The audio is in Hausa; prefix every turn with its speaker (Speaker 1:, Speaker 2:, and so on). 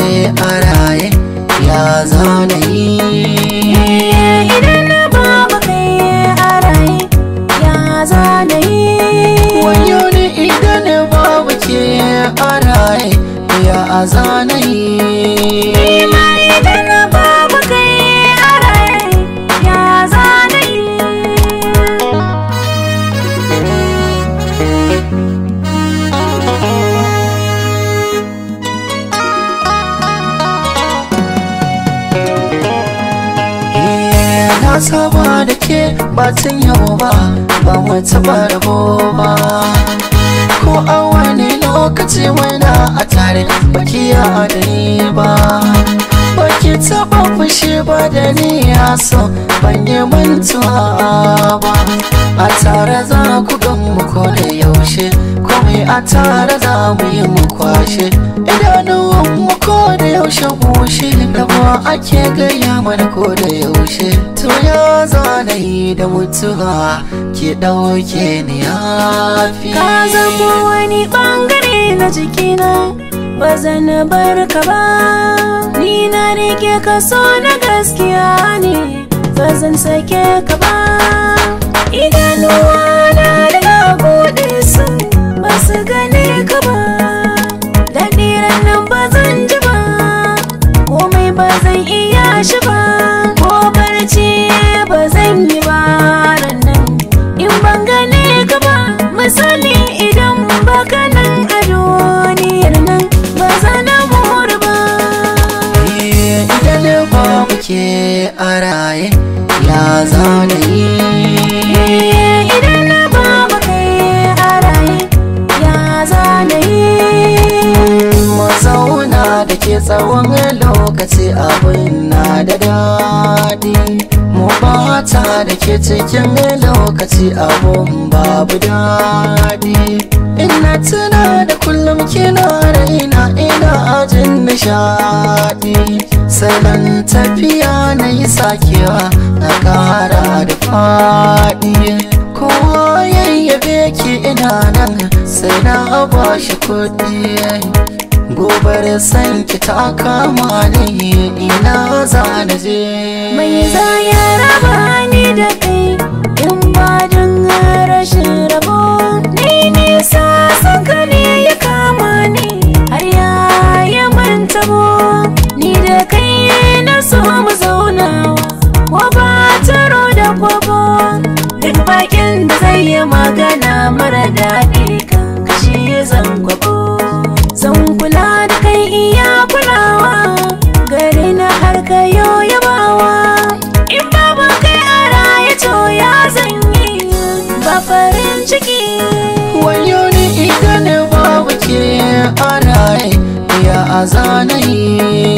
Speaker 1: a raye ya zana yi idan na babu kai ya zana yi wayo ne idan babu ke raye ya zana yi saba da ke ba tun yau ba ba mu ba rabo ba ko a wani lokaci wani a tare baki ya adani ba baki taba fushi ba da ni ya so ban yi mantuwa ba a tare za ku gan mu da yaushe a tare za mu yi mu kwashe idanuwan mu ko da yaushe bushe da ba ake gaya mana ko da yaushe to ya na yi da mutuwa ke ɗauke ni fi ka zama
Speaker 2: wani bangare na jikina ba zana bar ka ba ni na rike ka so na gaskiya ne ba zan sake ka ba idanuwa
Speaker 1: ke a raye ya zanayi idan na babu kai ya zanayi mu zauna da ke tsawon lokaci abin na da daɗi mu bata da ke cikin lokaci abun babu daɗi ina tuna da kullum kina raina ina ajin nishaɗi salon tafiya na yi sakewa na ƙara da faɗi kowa yayyabe ki ina nan sai na ba shi kuɗi gobar san ta kama
Speaker 2: ni ina za na je mai za ya yabawa in babu kai a raye to ya zanyi ba farin ciki wayo ni
Speaker 1: ne babu ke a raye ya a zanayi